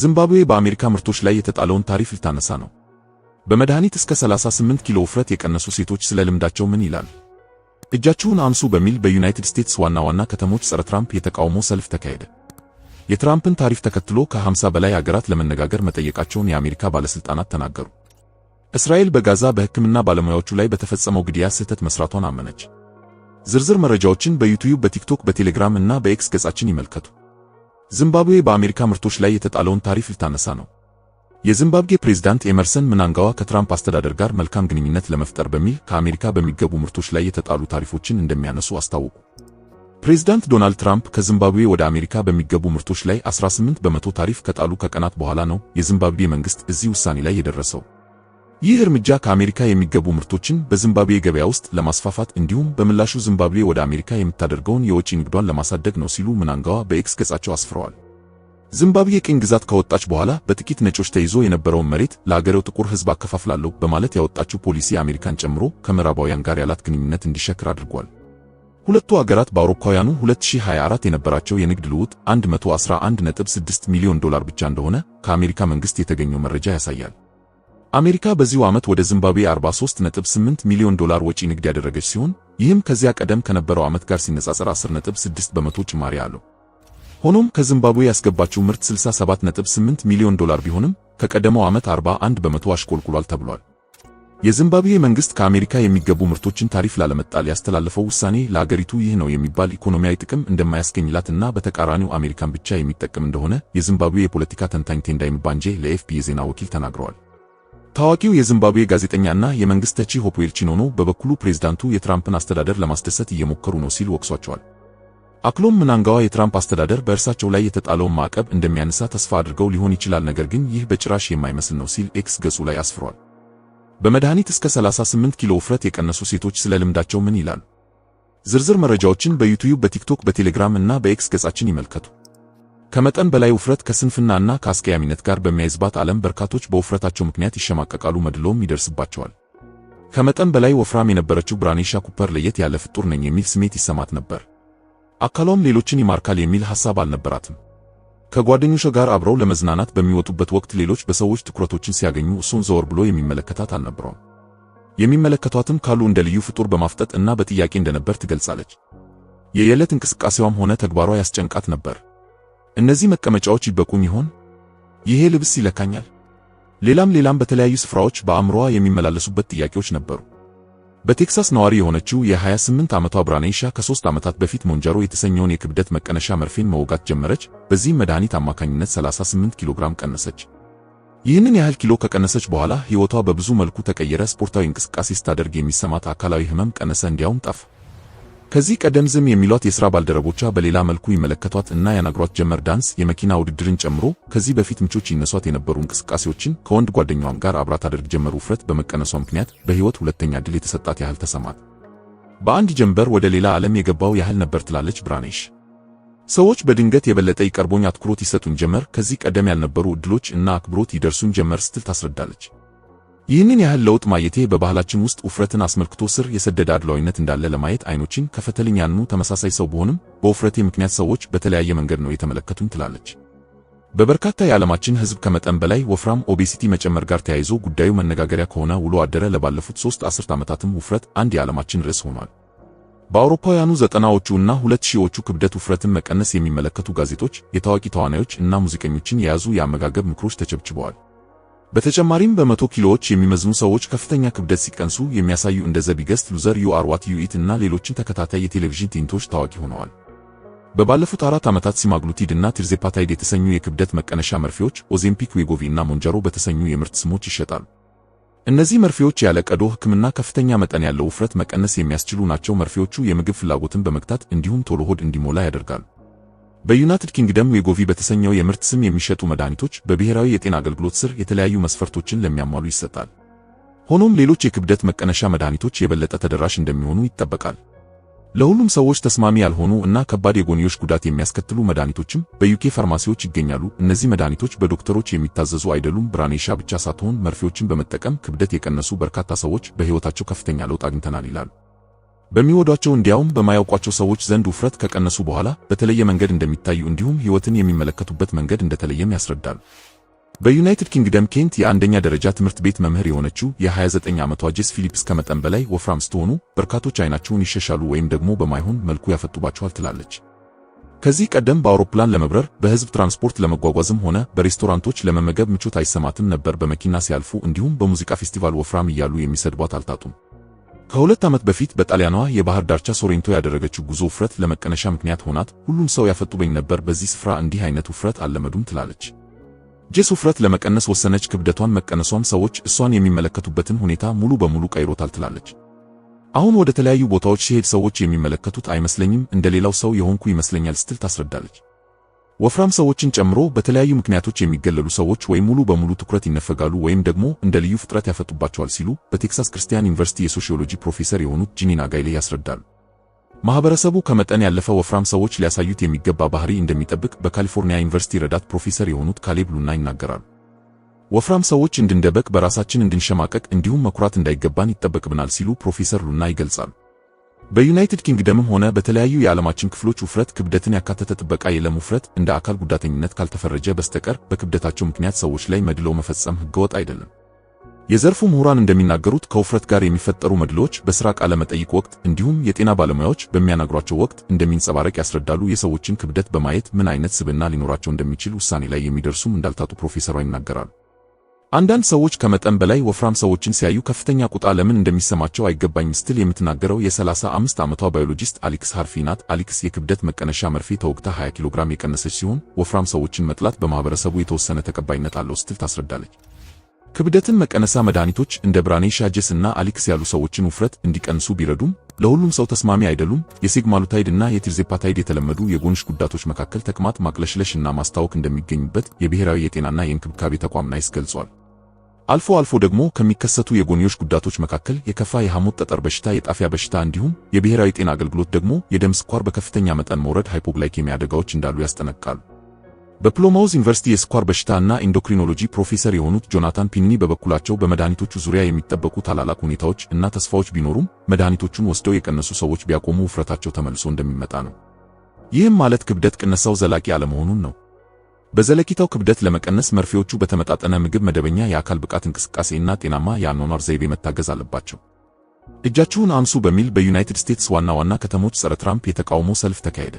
ዚምባብዌ በአሜሪካ ምርቶች ላይ የተጣለውን ታሪፍ ልታነሳ ነው። በመድኃኒት እስከ 38 ኪሎ ውፍረት የቀነሱ ሴቶች ስለ ልምዳቸው ምን ይላሉ? እጃችሁን አንሱ በሚል በዩናይትድ ስቴትስ ዋና ዋና ከተሞች ጸረ ትራምፕ የተቃውሞ ሰልፍ ተካሄደ። የትራምፕን ታሪፍ ተከትሎ ከ50 በላይ አገራት ለመነጋገር መጠየቃቸውን የአሜሪካ ባለስልጣናት ተናገሩ። እስራኤል በጋዛ በሕክምና ባለሙያዎቹ ላይ በተፈጸመው ግድያ ስህተት መስራቷን አመነች። ዝርዝር መረጃዎችን በዩቲዩብ፣ በቲክቶክ፣ በቴሌግራም እና በኤክስ ገጻችን ይመልከቱ። ዚምባብዌ በአሜሪካ ምርቶች ላይ የተጣለውን ታሪፍ ልታነሳ ነው። የዚምባብዌ ፕሬዝዳንት ኤመርሰን ምናንጋዋ ከትራምፕ አስተዳደር ጋር መልካም ግንኙነት ለመፍጠር በሚል ከአሜሪካ በሚገቡ ምርቶች ላይ የተጣሉ ታሪፎችን እንደሚያነሱ አስታወቁ። ፕሬዝዳንት ዶናልድ ትራምፕ ከዚምባብዌ ወደ አሜሪካ በሚገቡ ምርቶች ላይ 18 በመቶ ታሪፍ ከጣሉ ከቀናት በኋላ ነው የዚምባብዌ መንግስት እዚህ ውሳኔ ላይ የደረሰው። ይህ እርምጃ ከአሜሪካ የሚገቡ ምርቶችን በዚምባብዌ ገበያ ውስጥ ለማስፋፋት እንዲሁም በምላሹ ዚምባብዌ ወደ አሜሪካ የምታደርገውን የወጪ ንግዷን ለማሳደግ ነው ሲሉ ምናንጋዋ በኤክስ ገጻቸው አስፍረዋል። ዚምባብዌ ቅኝ ግዛት ከወጣች በኋላ በጥቂት ነጮች ተይዞ የነበረውን መሬት ለአገሬው ጥቁር ሕዝብ አከፋፍላለሁ በማለት ያወጣችው ፖሊሲ አሜሪካን ጨምሮ ከምዕራባውያን ጋር ያላት ግንኙነት እንዲሸክር አድርጓል። ሁለቱ አገራት በአውሮፓውያኑ 2024 የነበራቸው የንግድ ልውውጥ 111.6 ሚሊዮን ዶላር ብቻ እንደሆነ ከአሜሪካ መንግሥት የተገኘው መረጃ ያሳያል። አሜሪካ በዚሁ ዓመት ወደ ዚምባብዌ 43.8 ሚሊዮን ዶላር ወጪ ንግድ ያደረገች ሲሆን ይህም ከዚያ ቀደም ከነበረው ዓመት ጋር ሲነጻጸር 10.6 በመቶ ጭማሪ አለው። ሆኖም ከዚምባብዌ ያስገባችው ምርት 67.8 ሚሊዮን ዶላር ቢሆንም ከቀደመው ዓመት 41 በመቶ አሽቆልቁሏል ተብሏል። የዚምባብዌ መንግስት ከአሜሪካ የሚገቡ ምርቶችን ታሪፍ ላለመጣል ያስተላለፈው ውሳኔ ለአገሪቱ ይህ ነው የሚባል ኢኮኖሚያዊ ጥቅም እንደማያስገኝላት እና በተቃራኒው አሜሪካን ብቻ የሚጠቅም እንደሆነ የዚምባብዌ የፖለቲካ ተንታኝ ቴንዳይ ምባንጄ ለኤፍፒ የዜና ወኪል ተናግረዋል። ታዋቂው የዚምባብዌ ጋዜጠኛና የመንግስት ተቺ ሆፕዌል ቺኖኖ በበኩሉ ፕሬዝዳንቱ የትራምፕን አስተዳደር ለማስደሰት እየሞከሩ ነው ሲል ወቅሷቸዋል። አክሎም ምናንጋዋ የትራምፕ አስተዳደር በእርሳቸው ላይ የተጣለውን ማዕቀብ እንደሚያነሳ ተስፋ አድርገው ሊሆን ይችላል፣ ነገር ግን ይህ በጭራሽ የማይመስል ነው ሲል ኤክስ ገጹ ላይ አስፍሯል። በመድኃኒት እስከ 38 ኪሎ ውፍረት የቀነሱ ሴቶች ስለ ልምዳቸው ምን ይላሉ? ዝርዝር መረጃዎችን በዩቲዩብ፣ በቲክቶክ፣ በቴሌግራም እና በኤክስ ገጻችን ይመልከቱ። ከመጠን በላይ ውፍረት ከስንፍናና ከአስቀያሚነት ጋር በሚያይዝባት ዓለም በርካቶች በውፍረታቸው ምክንያት ይሸማቀቃሉ፣ መድሎም ይደርስባቸዋል። ከመጠን በላይ ወፍራም የነበረችው ብራኒሻ ኩፐር ለየት ያለ ፍጡር ነኝ የሚል ስሜት ይሰማት ነበር። አካሏም ሌሎችን ይማርካል የሚል ሐሳብ አልነበራትም። ከጓደኞቿ ጋር አብረው ለመዝናናት በሚወጡበት ወቅት ሌሎች በሰዎች ትኩረቶችን ሲያገኙ እሱን ዘወር ብሎ የሚመለከታት አልነበረውም። የሚመለከቷትም ካሉ እንደ ልዩ ፍጡር በማፍጠጥ እና በጥያቄ እንደነበር ትገልጻለች። የየዕለት እንቅስቃሴዋም ሆነ ተግባሯ ያስጨንቃት ነበር። እነዚህ መቀመጫዎች ይበቁም ይሆን? ይሄ ልብስ ይለካኛል? ሌላም ሌላም በተለያዩ ስፍራዎች በአእምሮዋ የሚመላለሱበት ጥያቄዎች ነበሩ። በቴክሳስ ነዋሪ የሆነችው የ28 ዓመቷ ብራኔሻ ከሦስት ዓመታት በፊት ሞንጃሮ የተሰኘውን የክብደት መቀነሻ መርፌን መወጋት ጀመረች። በዚህም መድኃኒት አማካኝነት 38 ኪሎ ግራም ቀነሰች። ይህንን ያህል ኪሎ ከቀነሰች በኋላ ሕይወቷ በብዙ መልኩ ተቀየረ። ስፖርታዊ እንቅስቃሴ ስታደርግ የሚሰማት አካላዊ ህመም ቀነሰ፣ እንዲያውም ጠፋ። ከዚህ ቀደም ዝም የሚሏት የሥራ ባልደረቦቿ በሌላ መልኩ ይመለከቷት እና ያናግሯት ጀመር። ዳንስ፣ የመኪና ውድድርን ጨምሮ ከዚህ በፊት ምቾች ይነሷት የነበሩ እንቅስቃሴዎችን ከወንድ ጓደኛዋም ጋር አብራት አድርግ ጀመር። ውፍረት በመቀነሷ ምክንያት በሕይወት ሁለተኛ ድል የተሰጣት ያህል ተሰማት። በአንድ ጀንበር ወደ ሌላ ዓለም የገባው ያህል ነበር ትላለች ብራኔሽ። ሰዎች በድንገት የበለጠ ይቀርቦኝ፣ አትኩሮት ይሰጡኝ ጀመር። ከዚህ ቀደም ያልነበሩ ዕድሎች እና አክብሮት ይደርሱኝ ጀመር ስትል ታስረዳለች። ይህንን ያህል ለውጥ ማየቴ በባህላችን ውስጥ ውፍረትን አስመልክቶ ስር የሰደደ አድሏዊነት እንዳለ ለማየት አይኖችን ከፈተልኝ። ያኑ ተመሳሳይ ሰው ብሆንም በውፍረቴ ምክንያት ሰዎች በተለያየ መንገድ ነው የተመለከቱኝ ትላለች። በበርካታ የዓለማችን ህዝብ ከመጠን በላይ ወፍራም ኦቤሲቲ መጨመር ጋር ተያይዞ ጉዳዩ መነጋገሪያ ከሆነ ውሎ አደረ። ለባለፉት ሶስት አስርት ዓመታትም ውፍረት አንድ የዓለማችን ርዕስ ሆኗል። በአውሮፓውያኑ ዘጠናዎቹ እና ሁለት ሺዎቹ ክብደት ውፍረትን መቀነስ የሚመለከቱ ጋዜጦች፣ የታዋቂ ተዋናዮች እና ሙዚቀኞችን የያዙ የአመጋገብ ምክሮች ተቸብችበዋል። በተጨማሪም በመቶ ኪሎዎች የሚመዝኑ ሰዎች ከፍተኛ ክብደት ሲቀንሱ የሚያሳዩ እንደ ዘ ቢገስት ሉዘር ዩ አር ዋት ዩ ኢት እና ሌሎችን ተከታታይ የቴሌቪዥን ቲንቶች ታዋቂ ሆነዋል። በባለፉት አራት ዓመታት ሲማግሉቲድ እና ትርዜፓታይድ የተሰኙ የክብደት መቀነሻ መርፌዎች ኦዜምፒክ፣ ዌጎቪ እና ሞንጃሮ በተሰኙ የምርት ስሞች ይሸጣሉ። እነዚህ መርፌዎች ያለ ቀዶ ሕክምና ከፍተኛ መጠን ያለው ውፍረት መቀነስ የሚያስችሉ ናቸው። መርፌዎቹ የምግብ ፍላጎትን በመግታት እንዲሁም ቶሎ ሆድ እንዲሞላ ያደርጋሉ። በዩናይትድ ኪንግደም ዌጎቪ በተሰኘው የምርት ስም የሚሸጡ መድኃኒቶች በብሔራዊ የጤና አገልግሎት ስር የተለያዩ መስፈርቶችን ለሚያሟሉ ይሰጣል። ሆኖም ሌሎች የክብደት መቀነሻ መድኃኒቶች የበለጠ ተደራሽ እንደሚሆኑ ይጠበቃል። ለሁሉም ሰዎች ተስማሚ ያልሆኑ እና ከባድ የጎንዮሽ ጉዳት የሚያስከትሉ መድኃኒቶችም በዩኬ ፋርማሲዎች ይገኛሉ። እነዚህ መድኃኒቶች በዶክተሮች የሚታዘዙ አይደሉም። ብራኔሻ ብቻ ሳትሆን መርፌዎችን በመጠቀም ክብደት የቀነሱ በርካታ ሰዎች በሕይወታቸው ከፍተኛ ለውጥ አግኝተናል ይላሉ። በሚወዷቸው እንዲያውም በማያውቋቸው ሰዎች ዘንድ ውፍረት ከቀነሱ በኋላ በተለየ መንገድ እንደሚታዩ እንዲሁም ሕይወትን የሚመለከቱበት መንገድ እንደተለየም ያስረዳሉ። በዩናይትድ ኪንግደም ኬንት የአንደኛ ደረጃ ትምህርት ቤት መምህር የሆነችው የ29 ዓመቷ ጄስ ፊሊፕስ ከመጠን በላይ ወፍራም ስትሆኑ በርካቶች አይናቸውን ይሸሻሉ ወይም ደግሞ በማይሆን መልኩ ያፈጡባችኋል ትላለች። ከዚህ ቀደም በአውሮፕላን ለመብረር በህዝብ ትራንስፖርት ለመጓጓዝም ሆነ በሬስቶራንቶች ለመመገብ ምቾት አይሰማትም ነበር። በመኪና ሲያልፉ እንዲሁም በሙዚቃ ፌስቲቫል ወፍራም እያሉ የሚሰድቧት አልታጡም። ከሁለት ዓመት በፊት በጣሊያኗ የባህር ዳርቻ ሶሬንቶ ያደረገችው ጉዞ ውፍረት ለመቀነሻ ምክንያት ሆናት። ሁሉም ሰው ያፈጡበኝ ነበር፣ በዚህ ስፍራ እንዲህ አይነት ውፍረት አለመዱም ትላለች። ጄስ ውፍረት ለመቀነስ ወሰነች። ክብደቷን መቀነሷም ሰዎች እሷን የሚመለከቱበትን ሁኔታ ሙሉ በሙሉ ቀይሮታል ትላለች። አሁን ወደ ተለያዩ ቦታዎች ሲሄድ ሰዎች የሚመለከቱት አይመስለኝም፣ እንደሌላው ሰው የሆንኩ ይመስለኛል ስትል ታስረዳለች። ወፍራም ሰዎችን ጨምሮ በተለያዩ ምክንያቶች የሚገለሉ ሰዎች ወይም ሙሉ በሙሉ ትኩረት ይነፈጋሉ ወይም ደግሞ እንደ ልዩ ፍጥረት ያፈጡባቸዋል ሲሉ በቴክሳስ ክርስቲያን ዩኒቨርሲቲ የሶሺዮሎጂ ፕሮፌሰር የሆኑት ጂኒና ጋይሌ ያስረዳሉ። ማህበረሰቡ ከመጠን ያለፈ ወፍራም ሰዎች ሊያሳዩት የሚገባ ባህሪ እንደሚጠብቅ በካሊፎርኒያ ዩኒቨርሲቲ ረዳት ፕሮፌሰር የሆኑት ካሌብ ሉና ይናገራሉ። ወፍራም ሰዎች እንድንደበቅ፣ በራሳችን እንድንሸማቀቅ፣ እንዲሁም መኩራት እንዳይገባን ይጠበቅብናል ሲሉ ፕሮፌሰር ሉና ይገልጻሉ። በዩናይትድ ኪንግደምም ሆነ በተለያዩ የዓለማችን ክፍሎች ውፍረት ክብደትን ያካተተ ጥበቃ የለም። ውፍረት እንደ አካል ጉዳተኝነት ካልተፈረጀ በስተቀር በክብደታቸው ምክንያት ሰዎች ላይ መድሎ መፈጸም ህገወጥ አይደለም። የዘርፉ ምሁራን እንደሚናገሩት ከውፍረት ጋር የሚፈጠሩ መድሎች በሥራ ቃለ መጠይቅ ወቅት እንዲሁም የጤና ባለሙያዎች በሚያናግሯቸው ወቅት እንደሚንጸባረቅ ያስረዳሉ። የሰዎችን ክብደት በማየት ምን አይነት ስብዕና ሊኖራቸው እንደሚችል ውሳኔ ላይ የሚደርሱም እንዳልታጡ ፕሮፌሰሯ ይናገራሉ። አንዳንድ ሰዎች ከመጠን በላይ ወፍራም ሰዎችን ሲያዩ ከፍተኛ ቁጣ ለምን እንደሚሰማቸው አይገባኝም ስትል የምትናገረው የ35 ዓመቷ ባዮሎጂስት አሌክስ ሃርፊ ናት። አሌክስ የክብደት መቀነሻ መርፌ ተወግታ 20 ኪሎ ግራም የቀነሰች ሲሆን ወፍራም ሰዎችን መጥላት በማህበረሰቡ የተወሰነ ተቀባይነት አለው ስትል ታስረዳለች። ክብደትን መቀነሳ መድኃኒቶች እንደ ብራኔ ሻጀስ እና አሊክስ ያሉ ሰዎችን ውፍረት እንዲቀንሱ ቢረዱም ለሁሉም ሰው ተስማሚ አይደሉም። የሴግማሉታይድ እና የቲርዜፓታይድ የተለመዱ የጎንሽ ጉዳቶች መካከል ተቅማጥ፣ ማቅለሽለሽ እና ማስታወክ እንደሚገኙበት የብሔራዊ የጤናና የእንክብካቤ ተቋም ናይስ ገልጿል። አልፎ አልፎ ደግሞ ከሚከሰቱ የጎንዮሽ ጉዳቶች መካከል የከፋ የሐሞት ጠጠር በሽታ፣ የጣፊያ በሽታ እንዲሁም የብሔራዊ ጤና አገልግሎት ደግሞ የደም ስኳር በከፍተኛ መጠን መውረድ፣ ሃይፖግላይኬሚያ አደጋዎች እንዳሉ ያስጠነቅቃሉ። በፕሎማውዝ ዩኒቨርሲቲ የስኳር በሽታና ኢንዶክሪኖሎጂ ፕሮፌሰር የሆኑት ጆናታን ፒንኒ በበኩላቸው በመድኃኒቶቹ ዙሪያ የሚጠበቁ ታላላቅ ሁኔታዎች እና ተስፋዎች ቢኖሩም መድኃኒቶቹን ወስደው የቀነሱ ሰዎች ቢያቆሙ ውፍረታቸው ተመልሶ እንደሚመጣ ነው። ይህም ማለት ክብደት ቅነሳው ዘላቂ አለመሆኑን ነው። በዘለቂታው ክብደት ለመቀነስ መርፌዎቹ በተመጣጠነ ምግብ፣ መደበኛ የአካል ብቃት እንቅስቃሴ እና ጤናማ የአኗኗር ዘይቤ መታገዝ አለባቸው። እጃችሁን አንሱ በሚል በዩናይትድ ስቴትስ ዋና ዋና ከተሞች ጸረ ትራምፕ የተቃውሞ ሰልፍ ተካሄደ።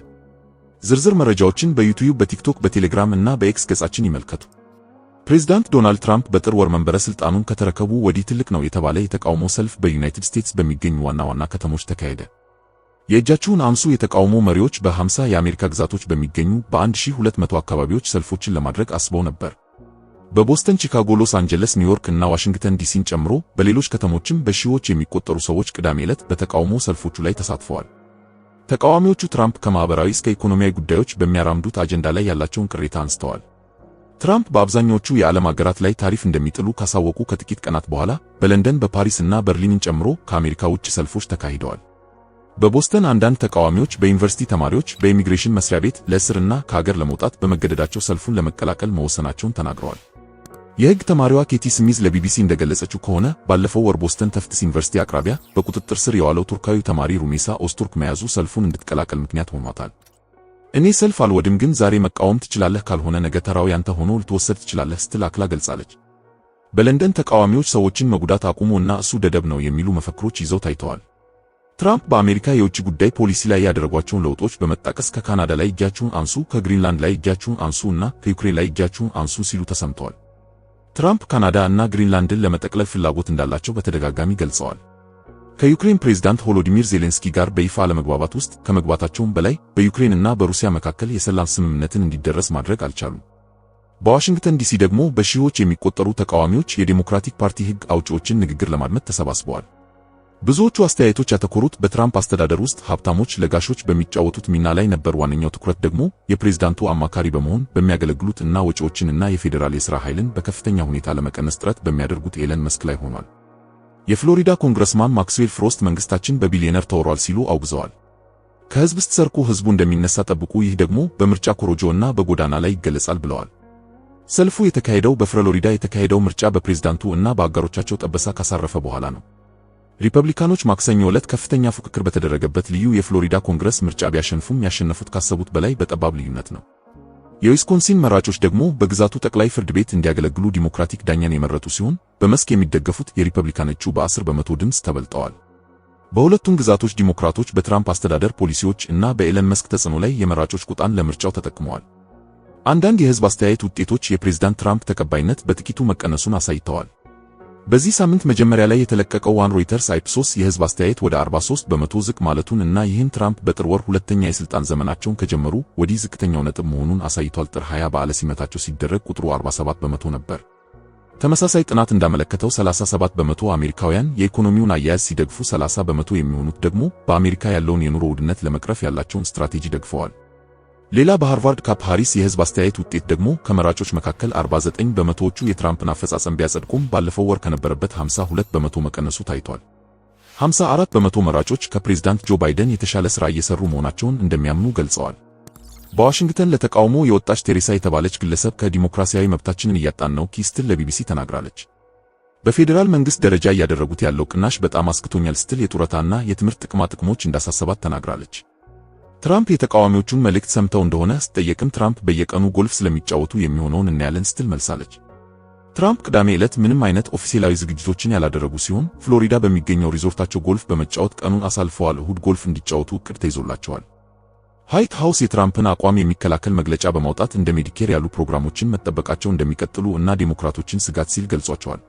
ዝርዝር መረጃዎችን በዩቲዩብ፣ በቲክቶክ፣ በቴሌግራም እና በኤክስ ገጻችን ይመልከቱ። ፕሬዚዳንት ዶናልድ ትራምፕ በጥር ወር መንበረ ሥልጣኑን ከተረከቡ ወዲህ ትልቅ ነው የተባለ የተቃውሞ ሰልፍ በዩናይትድ ስቴትስ በሚገኙ ዋና ዋና ከተሞች ተካሄደ። የእጃችሁን አምሱ የተቃውሞ መሪዎች በ50 የአሜሪካ ግዛቶች በሚገኙ በ1200 አካባቢዎች ሰልፎችን ለማድረግ አስበው ነበር። በቦስተን፣ ቺካጎ፣ ሎስ አንጀለስ፣ ኒውዮርክ እና ዋሽንግተን ዲሲን ጨምሮ በሌሎች ከተሞችም በሺዎች የሚቆጠሩ ሰዎች ቅዳሜ ዕለት በተቃውሞ ሰልፎቹ ላይ ተሳትፈዋል። ተቃዋሚዎቹ ትራምፕ ከማህበራዊ እስከ ኢኮኖሚያዊ ጉዳዮች በሚያራምዱት አጀንዳ ላይ ያላቸውን ቅሬታ አንስተዋል። ትራምፕ በአብዛኛዎቹ የዓለም አገራት ላይ ታሪፍ እንደሚጥሉ ካሳወቁ ከጥቂት ቀናት በኋላ በለንደን፣ በፓሪስ እና በርሊንን ጨምሮ ከአሜሪካ ውጭ ሰልፎች ተካሂደዋል። በቦስተን አንዳንድ ተቃዋሚዎች በዩኒቨርሲቲ ተማሪዎች በኢሚግሬሽን መስሪያ ቤት ለእስር እና ከአገር ለመውጣት በመገደዳቸው ሰልፉን ለመቀላቀል መወሰናቸውን ተናግረዋል። የህግ ተማሪዋ ኬቲ ስሚዝ ለቢቢሲ እንደገለጸችው ከሆነ ባለፈው ወር ቦስተን ተፍትስ ዩኒቨርሲቲ አቅራቢያ በቁጥጥር ስር የዋለው ቱርካዊ ተማሪ ሩሜሳ ኦስቱርክ መያዙ ሰልፉን እንድትቀላቀል ምክንያት ሆኗታል። እኔ ሰልፍ አልወድም፣ ግን ዛሬ መቃወም ትችላለህ፣ ካልሆነ ነገ ተራው ያንተ ሆኖ ልትወሰድ ትችላለህ ስትል አክላ ገልጻለች። በለንደን ተቃዋሚዎች ሰዎችን መጉዳት አቁሙ እና እሱ ደደብ ነው የሚሉ መፈክሮች ይዘው ታይተዋል። ትራምፕ በአሜሪካ የውጭ ጉዳይ ፖሊሲ ላይ ያደረጓቸውን ለውጦች በመጣቀስ ከካናዳ ላይ እጃችሁን አንሱ፣ ከግሪንላንድ ላይ እጃችሁን አንሱ እና ከዩክሬን ላይ እጃችሁን አንሱ ሲሉ ተሰምተዋል። ትራምፕ ካናዳ እና ግሪንላንድን ለመጠቅለል ፍላጎት እንዳላቸው በተደጋጋሚ ገልጸዋል። ከዩክሬን ፕሬዝዳንት ቮሎዲሚር ዜሌንስኪ ጋር በይፋ አለመግባባት ውስጥ ከመግባታቸውም በላይ በዩክሬን እና በሩሲያ መካከል የሰላም ስምምነትን እንዲደረስ ማድረግ አልቻሉም። በዋሽንግተን ዲሲ ደግሞ በሺዎች የሚቆጠሩ ተቃዋሚዎች የዴሞክራቲክ ፓርቲ ሕግ አውጪዎችን ንግግር ለማድመጥ ተሰባስበዋል። ብዙዎቹ አስተያየቶች ያተኮሩት በትራምፕ አስተዳደር ውስጥ ሀብታሞች ለጋሾች በሚጫወቱት ሚና ላይ ነበር። ዋነኛው ትኩረት ደግሞ የፕሬዝዳንቱ አማካሪ በመሆን በሚያገለግሉት እና እና የፌዴራል የሥራ ኃይልን በከፍተኛ ሁኔታ ለመቀነስ ጥረት በሚያደርጉት ኤለን መስክ ላይ ሆኗል። የፍሎሪዳ ኮንግረስማን ማክስዌል ፍሮስት መንግስታችን በቢሊዮነር ተወሯል ሲሉ አውግዘዋል። ከህዝብ ስትሰርቁ ህዝቡ እንደሚነሳ ጠብቁ፣ ይህ ደግሞ በምርጫ ኮሮጆ እና በጎዳና ላይ ይገለጻል ብለዋል። ሰልፉ የተካሄደው በፍሎሪዳ የተካሄደው ምርጫ በፕሬዝዳንቱ እና በአጋሮቻቸው ጠበሳ ካሳረፈ በኋላ ነው። ሪፐብሊካኖች ማክሰኞ ዕለት ከፍተኛ ፉክክር በተደረገበት ልዩ የፍሎሪዳ ኮንግረስ ምርጫ ቢያሸንፉም ያሸነፉት ካሰቡት በላይ በጠባብ ልዩነት ነው። የዊስኮንሲን መራጮች ደግሞ በግዛቱ ጠቅላይ ፍርድ ቤት እንዲያገለግሉ ዲሞክራቲክ ዳኛን የመረጡ ሲሆን በመስክ የሚደገፉት የሪፐብሊካኖቹ በ10 በመቶ ድምፅ ተበልጠዋል። በሁለቱም ግዛቶች ዲሞክራቶች በትራምፕ አስተዳደር ፖሊሲዎች እና በኤለን መስክ ተጽዕኖ ላይ የመራጮች ቁጣን ለምርጫው ተጠቅመዋል። አንዳንድ የሕዝብ አስተያየት ውጤቶች የፕሬዝዳንት ትራምፕ ተቀባይነት በጥቂቱ መቀነሱን አሳይተዋል። በዚህ ሳምንት መጀመሪያ ላይ የተለቀቀው ዋን ሮይተርስ አይፕ የህዝብ አስተያየት ወደ 43 በመቶ ዝቅ ማለቱን እና ይህም ትራምፕ በጥር ወር ሁለተኛ የስልጣን ዘመናቸውን ከጀመሩ ወዲህ ዝቅተኛው ነጥብ መሆኑን አሳይቷል። ጥር 20 በዓለ ሲመታቸው ሲደረግ ቁጥሩ 47 በመቶ ነበር። ተመሳሳይ ጥናት እንዳመለከተው 37 በመቶ አሜሪካውያን የኢኮኖሚውን አያያዝ ሲደግፉ፣ 30 በመቶ የሚሆኑት ደግሞ በአሜሪካ ያለውን የኑሮ ውድነት ለመቅረፍ ያላቸውን ስትራቴጂ ደግፈዋል። ሌላ በሃርቫርድ ካፕ ሃሪስ የህዝብ አስተያየት ውጤት ደግሞ ከመራጮች መካከል 49 በመቶዎቹ የትራምፕን አፈጻጸም ቢያጸድቁም ባለፈው ወር ከነበረበት 52 በመቶ መቀነሱ ታይቷል። 54 በመቶ መራጮች ከፕሬዝዳንት ጆ ባይደን የተሻለ ሥራ እየሰሩ መሆናቸውን እንደሚያምኑ ገልጸዋል። በዋሽንግተን ለተቃውሞ የወጣች ቴሬሳ የተባለች ግለሰብ ከዲሞክራሲያዊ መብታችንን እያጣን ነው ስትል ለቢቢሲ ተናግራለች። በፌዴራል መንግሥት ደረጃ እያደረጉት ያለው ቅናሽ በጣም አስክቶኛል ስትል የጡረታና የትምህርት ጥቅማ ጥቅሞች እንዳሳሰባት ተናግራለች። ትራምፕ የተቃዋሚዎቹን መልእክት ሰምተው እንደሆነ ስትጠየቅም ትራምፕ በየቀኑ ጎልፍ ስለሚጫወቱ የሚሆነውን እናያለን ስትል መልሳለች። ትራምፕ ቅዳሜ ዕለት ምንም አይነት ኦፊሴላዊ ዝግጅቶችን ያላደረጉ ሲሆን ፍሎሪዳ በሚገኘው ሪዞርታቸው ጎልፍ በመጫወት ቀኑን አሳልፈዋል። እሁድ ጎልፍ እንዲጫወቱ ዕቅድ ተይዞላቸዋል። ዋይት ሃውስ የትራምፕን አቋም የሚከላከል መግለጫ በማውጣት እንደ ሜዲኬር ያሉ ፕሮግራሞችን መጠበቃቸው እንደሚቀጥሉ እና ዴሞክራቶችን ስጋት ሲል ገልጿቸዋል።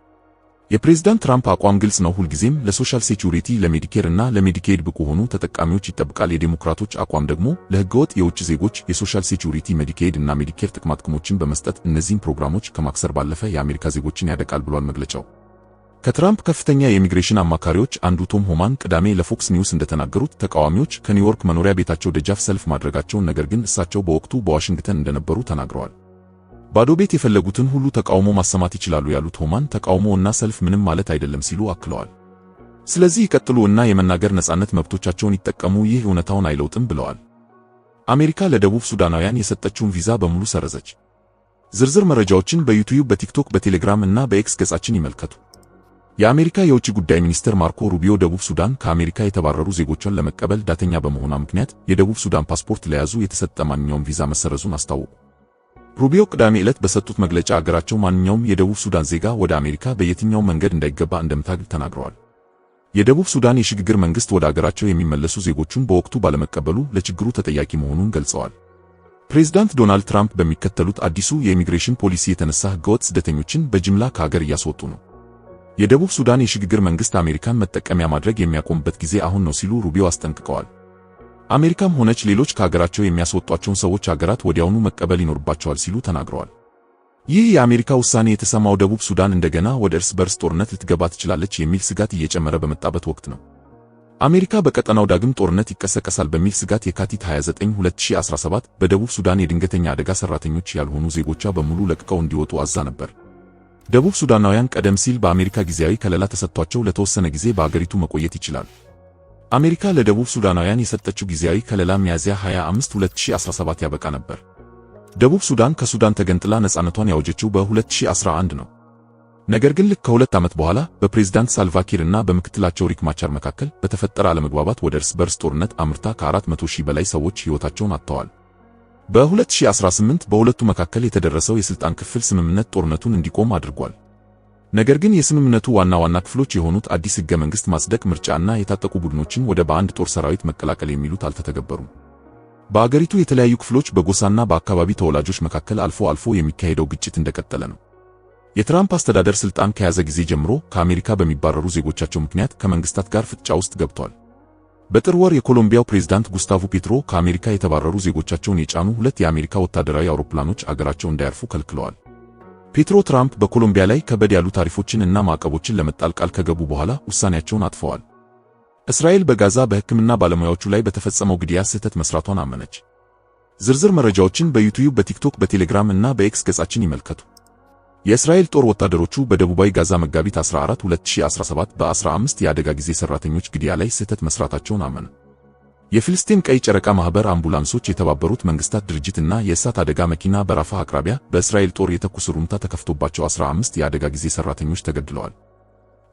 የፕሬዝዳንት ትራምፕ አቋም ግልጽ ነው። ሁልጊዜም ለሶሻል ሴኩሪቲ፣ ለሜዲኬር እና ለሜዲኬድ ብቁ የሆኑ ተጠቃሚዎች ይጠብቃል። የዴሞክራቶች አቋም ደግሞ ለህገወጥ የውጭ ዜጎች የሶሻል ሴኩሪቲ፣ ሜዲኬድ እና ሜዲኬር ጥቅማጥቅሞችን በመስጠት እነዚህን ፕሮግራሞች ከማክሰር ባለፈ የአሜሪካ ዜጎችን ያደቃል ብሏል መግለጫው። ከትራምፕ ከፍተኛ የኢሚግሬሽን አማካሪዎች አንዱ ቶም ሆማን ቅዳሜ ለፎክስ ኒውስ እንደተናገሩት ተቃዋሚዎች ከኒውዮርክ መኖሪያ ቤታቸው ደጃፍ ሰልፍ ማድረጋቸውን ነገር ግን እሳቸው በወቅቱ በዋሽንግተን እንደነበሩ ተናግረዋል። ባዶ ቤት የፈለጉትን ሁሉ ተቃውሞ ማሰማት ይችላሉ ያሉት ሆማን ተቃውሞ እና ሰልፍ ምንም ማለት አይደለም ሲሉ አክለዋል። ስለዚህ ይቀጥሉ እና የመናገር ነፃነት መብቶቻቸውን ይጠቀሙ፣ ይህ እውነታውን አይለውጥም ብለዋል። አሜሪካ ለደቡብ ሱዳናውያን የሰጠችውን ቪዛ በሙሉ ሰረዘች። ዝርዝር መረጃዎችን በዩቲዩብ፣ በቲክቶክ፣ በቴሌግራም እና በኤክስ ገጻችን ይመልከቱ። የአሜሪካ የውጭ ጉዳይ ሚኒስትር ማርኮ ሩቢዮ ደቡብ ሱዳን ከአሜሪካ የተባረሩ ዜጎቿን ለመቀበል ዳተኛ በመሆኗ ምክንያት የደቡብ ሱዳን ፓስፖርት ለያዙ የተሰጠ ማንኛውም ቪዛ መሰረዙን አስታወቁ። ሩቢዮ ቅዳሜ ዕለት በሰጡት መግለጫ አገራቸው ማንኛውም የደቡብ ሱዳን ዜጋ ወደ አሜሪካ በየትኛው መንገድ እንዳይገባ እንደምታግድ ተናግረዋል። የደቡብ ሱዳን የሽግግር መንግስት ወደ አገራቸው የሚመለሱ ዜጎቹን በወቅቱ ባለመቀበሉ ለችግሩ ተጠያቂ መሆኑን ገልጸዋል። ፕሬዝዳንት ዶናልድ ትራምፕ በሚከተሉት አዲሱ የኢሚግሬሽን ፖሊሲ የተነሳ ህገወጥ ስደተኞችን በጅምላ ከሀገር እያስወጡ ነው። የደቡብ ሱዳን የሽግግር መንግስት አሜሪካን መጠቀሚያ ማድረግ የሚያቆምበት ጊዜ አሁን ነው ሲሉ ሩቢዮ አስጠንቅቀዋል። አሜሪካም ሆነች ሌሎች ከሀገራቸው የሚያስወጧቸውን ሰዎች ሀገራት ወዲያውኑ መቀበል ይኖርባቸዋል ሲሉ ተናግረዋል። ይህ የአሜሪካ ውሳኔ የተሰማው ደቡብ ሱዳን እንደገና ወደ እርስ በርስ ጦርነት ልትገባ ትችላለች የሚል ስጋት እየጨመረ በመጣበት ወቅት ነው። አሜሪካ በቀጠናው ዳግም ጦርነት ይቀሰቀሳል በሚል ስጋት የካቲት 29 2017 በደቡብ ሱዳን የድንገተኛ አደጋ ሰራተኞች ያልሆኑ ዜጎቿ በሙሉ ለቅቀው እንዲወጡ አዛ ነበር። ደቡብ ሱዳናውያን ቀደም ሲል በአሜሪካ ጊዜያዊ ከለላ ተሰጥቷቸው ለተወሰነ ጊዜ በአገሪቱ መቆየት ይችላል። አሜሪካ ለደቡብ ሱዳናውያን የሰጠችው ጊዜያዊ ከለላ ሚያዝያ 25 2017 ያበቃ ነበር። ደቡብ ሱዳን ከሱዳን ተገንጥላ ነፃነቷን ያወጀችው በ2011 ነው። ነገር ግን ልክ ከሁለት ዓመት በኋላ በፕሬዝዳንት ሳልቫኪር እና በምክትላቸው ሪክ ማቻር መካከል በተፈጠረ አለመግባባት ወደ እርስ በርስ ጦርነት አምርታ ከ400 ሺህ በላይ ሰዎች ሕይወታቸውን አጥተዋል። በ2018 በሁለቱ መካከል የተደረሰው የሥልጣን ክፍል ስምምነት ጦርነቱን እንዲቆም አድርጓል። ነገር ግን የስምምነቱ ዋና ዋና ክፍሎች የሆኑት አዲስ ህገ መንግስት ማጽደቅ፣ ምርጫና የታጠቁ ቡድኖችን ወደ በአንድ ጦር ሰራዊት መቀላቀል የሚሉት አልተተገበሩም። በአገሪቱ የተለያዩ ክፍሎች በጎሳና በአካባቢ ተወላጆች መካከል አልፎ አልፎ የሚካሄደው ግጭት እንደቀጠለ ነው። የትራምፕ አስተዳደር ስልጣን ከያዘ ጊዜ ጀምሮ ከአሜሪካ በሚባረሩ ዜጎቻቸው ምክንያት ከመንግስታት ጋር ፍጥጫ ውስጥ ገብቷል። በጥር ወር የኮሎምቢያው ፕሬዝዳንት ጉስታቮ ፔትሮ ከአሜሪካ የተባረሩ ዜጎቻቸውን የጫኑ ሁለት የአሜሪካ ወታደራዊ አውሮፕላኖች አገራቸው እንዳያርፉ ከልክለዋል። ፔትሮ ትራምፕ በኮሎምቢያ ላይ ከበድ ያሉ ታሪፎችን እና ማዕቀቦችን ለመጣል ቃል ከገቡ በኋላ ውሳኔያቸውን አጥፈዋል። እስራኤል በጋዛ በሕክምና ባለሙያዎቹ ላይ በተፈጸመው ግድያ ስህተት መስራቷን አመነች። ዝርዝር መረጃዎችን በዩቲዩብ፣ በቲክቶክ፣ በቴሌግራም እና በኤክስ ገጻችን ይመልከቱ። የእስራኤል ጦር ወታደሮቹ በደቡባዊ ጋዛ መጋቢት 14 2017 በ15 የአደጋ ጊዜ ሰራተኞች ግድያ ላይ ስህተት መስራታቸውን አመነ። የፍልስጤም ቀይ ጨረቃ ማህበር አምቡላንሶች የተባበሩት መንግስታት ድርጅት እና የእሳት አደጋ መኪና በራፋ አቅራቢያ በእስራኤል ጦር የተኩስ ሩምታ ተከፍቶባቸው 15 የአደጋ ጊዜ ሰራተኞች ተገድለዋል።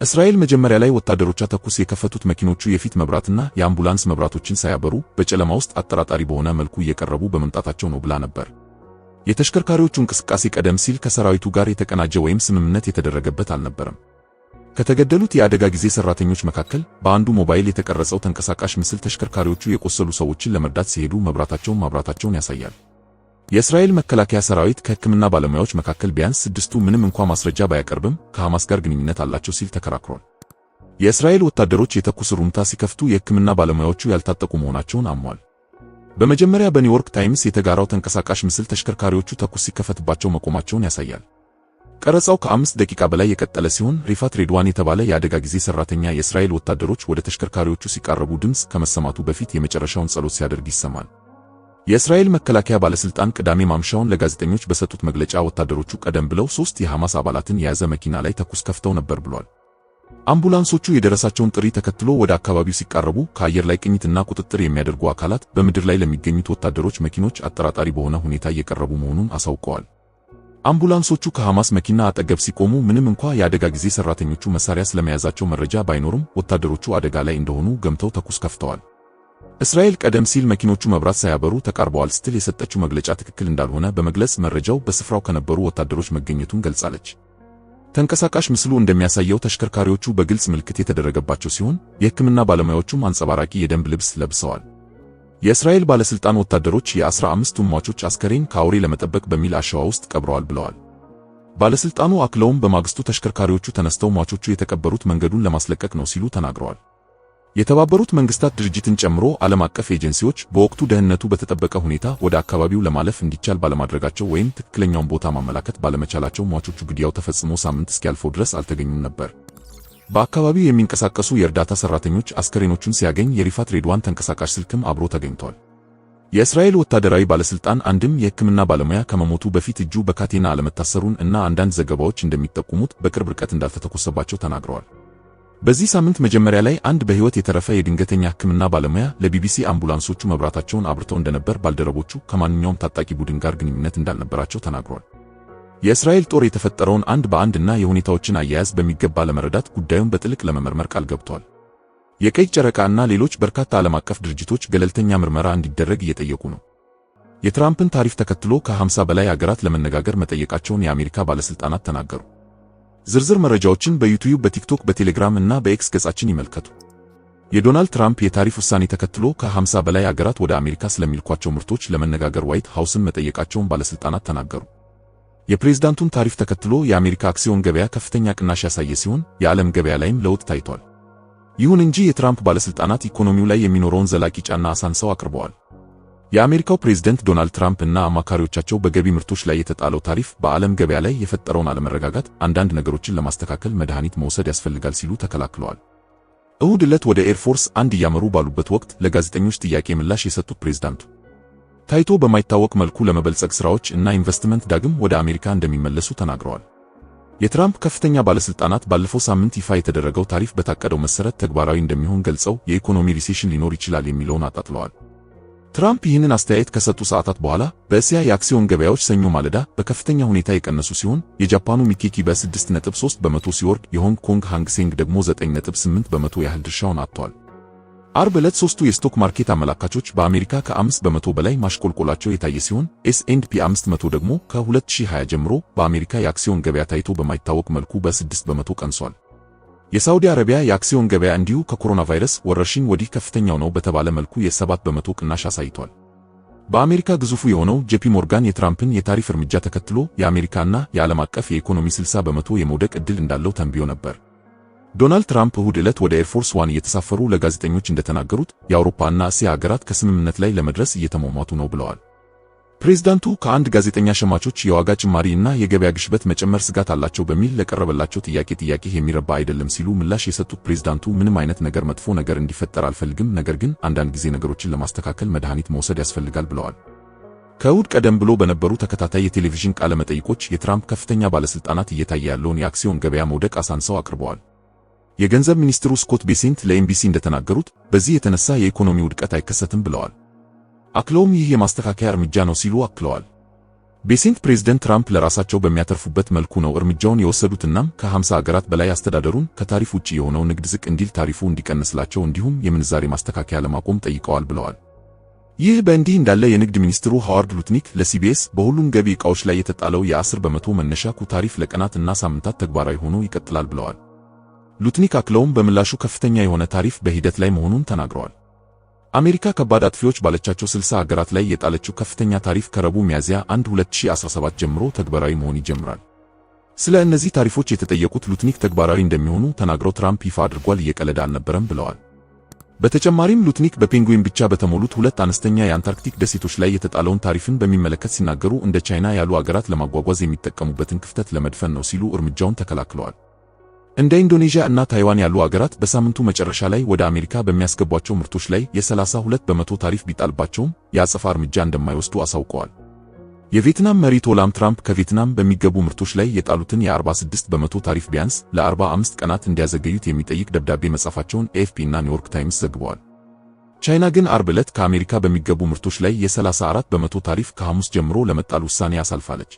እስራኤል መጀመሪያ ላይ ወታደሮቿ ተኩስ የከፈቱት መኪኖቹ የፊት መብራትና የአምቡላንስ መብራቶችን ሳያበሩ በጨለማ ውስጥ አጠራጣሪ በሆነ መልኩ እየቀረቡ በመምጣታቸው ነው ብላ ነበር። የተሽከርካሪዎቹ እንቅስቃሴ ቀደም ሲል ከሰራዊቱ ጋር የተቀናጀ ወይም ስምምነት የተደረገበት አልነበረም። ከተገደሉት የአደጋ ጊዜ ሰራተኞች መካከል በአንዱ ሞባይል የተቀረጸው ተንቀሳቃሽ ምስል ተሽከርካሪዎቹ የቆሰሉ ሰዎችን ለመርዳት ሲሄዱ መብራታቸውን ማብራታቸውን ያሳያል። የእስራኤል መከላከያ ሰራዊት ከሕክምና ባለሙያዎች መካከል ቢያንስ ስድስቱ ምንም እንኳ ማስረጃ ባያቀርብም ከሐማስ ጋር ግንኙነት አላቸው ሲል ተከራክሯል። የእስራኤል ወታደሮች የተኩስ ሩምታ ሲከፍቱ የሕክምና ባለሙያዎቹ ያልታጠቁ መሆናቸውን አምኗል። በመጀመሪያ በኒውዮርክ ታይምስ የተጋራው ተንቀሳቃሽ ምስል ተሽከርካሪዎቹ ተኩስ ሲከፈትባቸው መቆማቸውን ያሳያል። ቀረጻው ከአምስት ደቂቃ በላይ የቀጠለ ሲሆን ሪፋት ሬድዋን የተባለ የአደጋ ጊዜ ሰራተኛ የእስራኤል ወታደሮች ወደ ተሽከርካሪዎቹ ሲቃረቡ ድምፅ ከመሰማቱ በፊት የመጨረሻውን ጸሎት ሲያደርግ ይሰማል። የእስራኤል መከላከያ ባለስልጣን ቅዳሜ ማምሻውን ለጋዜጠኞች በሰጡት መግለጫ ወታደሮቹ ቀደም ብለው ሦስት የሐማስ አባላትን የያዘ መኪና ላይ ተኩስ ከፍተው ነበር ብሏል። አምቡላንሶቹ የደረሳቸውን ጥሪ ተከትሎ ወደ አካባቢው ሲቃረቡ ከአየር ላይ ቅኝትና ቁጥጥር የሚያደርጉ አካላት በምድር ላይ ለሚገኙት ወታደሮች መኪኖች አጠራጣሪ በሆነ ሁኔታ እየቀረቡ መሆኑን አሳውቀዋል። አምቡላንሶቹ ከሐማስ መኪና አጠገብ ሲቆሙ ምንም እንኳ የአደጋ ጊዜ ሰራተኞቹ መሳሪያ ስለመያዛቸው መረጃ ባይኖርም ወታደሮቹ አደጋ ላይ እንደሆኑ ገምተው ተኩስ ከፍተዋል። እስራኤል ቀደም ሲል መኪኖቹ መብራት ሳያበሩ ተቃርበዋል ስትል የሰጠችው መግለጫ ትክክል እንዳልሆነ በመግለጽ መረጃው በስፍራው ከነበሩ ወታደሮች መገኘቱን ገልጻለች። ተንቀሳቃሽ ምስሉ እንደሚያሳየው ተሽከርካሪዎቹ በግልጽ ምልክት የተደረገባቸው ሲሆን የሕክምና ባለሙያዎቹም አንጸባራቂ የደንብ ልብስ ለብሰዋል። የእስራኤል ባለስልጣን ወታደሮች የአስራ አምስቱን ሟቾች አስከሬን ከአውሬ ለመጠበቅ በሚል አሸዋ ውስጥ ቀብረዋል ብለዋል። ባለሥልጣኑ አክለውም በማግስቱ ተሽከርካሪዎቹ ተነስተው ሟቾቹ የተቀበሩት መንገዱን ለማስለቀቅ ነው ሲሉ ተናግረዋል። የተባበሩት መንግሥታት ድርጅትን ጨምሮ ዓለም አቀፍ ኤጀንሲዎች በወቅቱ ደህንነቱ በተጠበቀ ሁኔታ ወደ አካባቢው ለማለፍ እንዲቻል ባለማድረጋቸው ወይም ትክክለኛውን ቦታ ማመላከት ባለመቻላቸው ሟቾቹ ግድያው ተፈጽሞ ሳምንት እስኪያልፈው ድረስ አልተገኙም ነበር። በአካባቢው የሚንቀሳቀሱ የእርዳታ ሰራተኞች አስከሬኖቹን ሲያገኝ የሪፋት ሬድዋን ተንቀሳቃሽ ስልክም አብሮ ተገኝቷል። የእስራኤል ወታደራዊ ባለስልጣን አንድም የሕክምና ባለሙያ ከመሞቱ በፊት እጁ በካቴና አለመታሰሩን እና አንዳንድ ዘገባዎች እንደሚጠቁሙት በቅርብ ርቀት እንዳልተተኮሰባቸው ተናግረዋል። በዚህ ሳምንት መጀመሪያ ላይ አንድ በሕይወት የተረፈ የድንገተኛ ሕክምና ባለሙያ ለቢቢሲ አምቡላንሶቹ መብራታቸውን አብርተው እንደነበር፣ ባልደረቦቹ ከማንኛውም ታጣቂ ቡድን ጋር ግንኙነት እንዳልነበራቸው ተናግሯል። የእስራኤል ጦር የተፈጠረውን አንድ በአንድና የሁኔታዎችን አያያዝ በሚገባ ለመረዳት ጉዳዩን በጥልቅ ለመመርመር ቃል ገብቷል። የቀይ ጨረቃና ሌሎች በርካታ ዓለም አቀፍ ድርጅቶች ገለልተኛ ምርመራ እንዲደረግ እየጠየቁ ነው። የትራምፕን ታሪፍ ተከትሎ ከ50 በላይ አገራት ለመነጋገር መጠየቃቸውን የአሜሪካ ባለስልጣናት ተናገሩ። ዝርዝር መረጃዎችን በዩቲዩብ፣ በቲክቶክ፣ በቴሌግራም እና በኤክስ ገጻችን ይመልከቱ። የዶናልድ ትራምፕ የታሪፍ ውሳኔ ተከትሎ ከ50 በላይ አገራት ወደ አሜሪካ ስለሚልኳቸው ምርቶች ለመነጋገር ዋይት ሃውስን መጠየቃቸውን ባለስልጣናት ተናገሩ። የፕሬዝዳንቱን ታሪፍ ተከትሎ የአሜሪካ አክሲዮን ገበያ ከፍተኛ ቅናሽ ያሳየ ሲሆን የዓለም ገበያ ላይም ለውጥ ታይቷል። ይሁን እንጂ የትራምፕ ባለሥልጣናት ኢኮኖሚው ላይ የሚኖረውን ዘላቂ ጫና አሳንሰው አቅርበዋል። የአሜሪካው ፕሬዝደንት ዶናልድ ትራምፕ እና አማካሪዎቻቸው በገቢ ምርቶች ላይ የተጣለው ታሪፍ በዓለም ገበያ ላይ የፈጠረውን አለመረጋጋት አንዳንድ ነገሮችን ለማስተካከል መድኃኒት መውሰድ ያስፈልጋል ሲሉ ተከላክለዋል። እሁድ ዕለት ወደ ኤርፎርስ አንድ እያመሩ ባሉበት ወቅት ለጋዜጠኞች ጥያቄ ምላሽ የሰጡት ፕሬዝዳንቱ ታይቶ በማይታወቅ መልኩ ለመበልጸግ ስራዎች እና ኢንቨስትመንት ዳግም ወደ አሜሪካ እንደሚመለሱ ተናግረዋል። የትራምፕ ከፍተኛ ባለስልጣናት ባለፈው ሳምንት ይፋ የተደረገው ታሪፍ በታቀደው መሠረት ተግባራዊ እንደሚሆን ገልጸው የኢኮኖሚ ሪሴሽን ሊኖር ይችላል የሚለውን አጣጥለዋል። ትራምፕ ይህንን አስተያየት ከሰጡ ሰዓታት በኋላ በእስያ የአክሲዮን ገበያዎች ሰኞ ማለዳ በከፍተኛ ሁኔታ የቀነሱ ሲሆን የጃፓኑ ሚኬኪ በ6.3 በመቶ ሲወርድ፣ የሆንግ ኮንግ ሃንግ ሴንግ ደግሞ 9.8 በመቶ ያህል ድርሻውን አጥቷል። አርብ ዕለት ሦስቱ የስቶክ ማርኬት አመላካቾች በአሜሪካ ከ5 በመቶ በላይ ማሽቆልቆላቸው የታየ ሲሆን ኤስኤንድፒ 500 ደግሞ ከ2020 ጀምሮ በአሜሪካ የአክሲዮን ገበያ ታይቶ በማይታወቅ መልኩ በ6 በመቶ ቀንሷል። የሳዑዲ አረቢያ የአክሲዮን ገበያ እንዲሁ ከኮሮና ቫይረስ ወረርሽኝ ወዲህ ከፍተኛው ነው በተባለ መልኩ የ7 በመቶ ቅናሽ አሳይቷል። በአሜሪካ ግዙፉ የሆነው ጄፒ ሞርጋን የትራምፕን የታሪፍ እርምጃ ተከትሎ የአሜሪካና የዓለም አቀፍ የኢኮኖሚ 60 በመቶ የመውደቅ ዕድል እንዳለው ተንብዮ ነበር። ዶናልድ ትራምፕ እሁድ ዕለት ወደ ኤርፎርስ ዋን እየተሳፈሩ ለጋዜጠኞች እንደተናገሩት የአውሮፓ እና እስያ ሀገራት ከስምምነት ላይ ለመድረስ እየተሟሟቱ ነው ብለዋል። ፕሬዝዳንቱ ከአንድ ጋዜጠኛ ሸማቾች የዋጋ ጭማሪ እና የገበያ ግሽበት መጨመር ስጋት አላቸው በሚል ለቀረበላቸው ጥያቄ ጥያቄ የሚረባ አይደለም ሲሉ ምላሽ የሰጡት ፕሬዝዳንቱ ምንም አይነት ነገር መጥፎ ነገር እንዲፈጠር አልፈልግም፣ ነገር ግን አንዳንድ ጊዜ ነገሮችን ለማስተካከል መድኃኒት መውሰድ ያስፈልጋል ብለዋል። ከእሁድ ቀደም ብሎ በነበሩ ተከታታይ የቴሌቪዥን ቃለ መጠይቆች የትራምፕ ከፍተኛ ባለስልጣናት እየታየ ያለውን የአክሲዮን ገበያ መውደቅ አሳንሰው አቅርበዋል። የገንዘብ ሚኒስትሩ ስኮት ቤሴንት ለኤምቢሲ እንደተናገሩት በዚህ የተነሳ የኢኮኖሚ ውድቀት አይከሰትም ብለዋል። አክለውም ይህ የማስተካከያ እርምጃ ነው ሲሉ አክለዋል። ቤሴንት ፕሬዝደንት ትራምፕ ለራሳቸው በሚያተርፉበት መልኩ ነው እርምጃውን የወሰዱትናም ከ50 ሀገራት በላይ አስተዳደሩን ከታሪፍ ውጭ የሆነው ንግድ ዝቅ እንዲል ታሪፉ እንዲቀንስላቸው እንዲሁም የምንዛሬ ማስተካከያ ለማቆም ጠይቀዋል ብለዋል። ይህ በእንዲህ እንዳለ የንግድ ሚኒስትሩ ሃዋርድ ሉትኒክ ለሲቢኤስ በሁሉም ገቢ ዕቃዎች ላይ የተጣለው የአስር በመቶ መነሻ ኩ ታሪፍ ለቀናት እና ሳምንታት ተግባራዊ ሆኖ ይቀጥላል ብለዋል። ሉትኒክ አክለውም በምላሹ ከፍተኛ የሆነ ታሪፍ በሂደት ላይ መሆኑን ተናግረዋል። አሜሪካ ከባድ አጥፊዎች ባለቻቸው 60 ሀገራት ላይ የጣለችው ከፍተኛ ታሪፍ ከረቡ ሚያዝያ 1 2017 ጀምሮ ተግባራዊ መሆን ይጀምራል። ስለ እነዚህ ታሪፎች የተጠየቁት ሉትኒክ ተግባራዊ እንደሚሆኑ ተናግረው ትራምፕ ይፋ አድርጓል እየቀለደ አልነበረም ብለዋል። በተጨማሪም ሉትኒክ በፔንጉዊን ብቻ በተሞሉት ሁለት አነስተኛ የአንታርክቲክ ደሴቶች ላይ የተጣለውን ታሪፍን በሚመለከት ሲናገሩ እንደ ቻይና ያሉ አገራት ለማጓጓዝ የሚጠቀሙበትን ክፍተት ለመድፈን ነው ሲሉ እርምጃውን ተከላክለዋል። እንደ ኢንዶኔዥያ እና ታይዋን ያሉ አገራት በሳምንቱ መጨረሻ ላይ ወደ አሜሪካ በሚያስገቧቸው ምርቶች ላይ የ32 በመቶ ታሪፍ ቢጣልባቸውም የአጸፋ እርምጃ እንደማይወስዱ አሳውቀዋል። የቪየትናም መሪ ቶላም ትራምፕ ከቪየትናም በሚገቡ ምርቶች ላይ የጣሉትን የ46 በመቶ ታሪፍ ቢያንስ ለ45 ቀናት እንዲያዘገዩት የሚጠይቅ ደብዳቤ መጻፋቸውን ኤኤፍፒ እና ኒውዮርክ ታይምስ ዘግበዋል። ቻይና ግን አርብ ዕለት ከአሜሪካ በሚገቡ ምርቶች ላይ የ34 በመቶ ታሪፍ ከሐሙስ ጀምሮ ለመጣል ውሳኔ አሳልፋለች።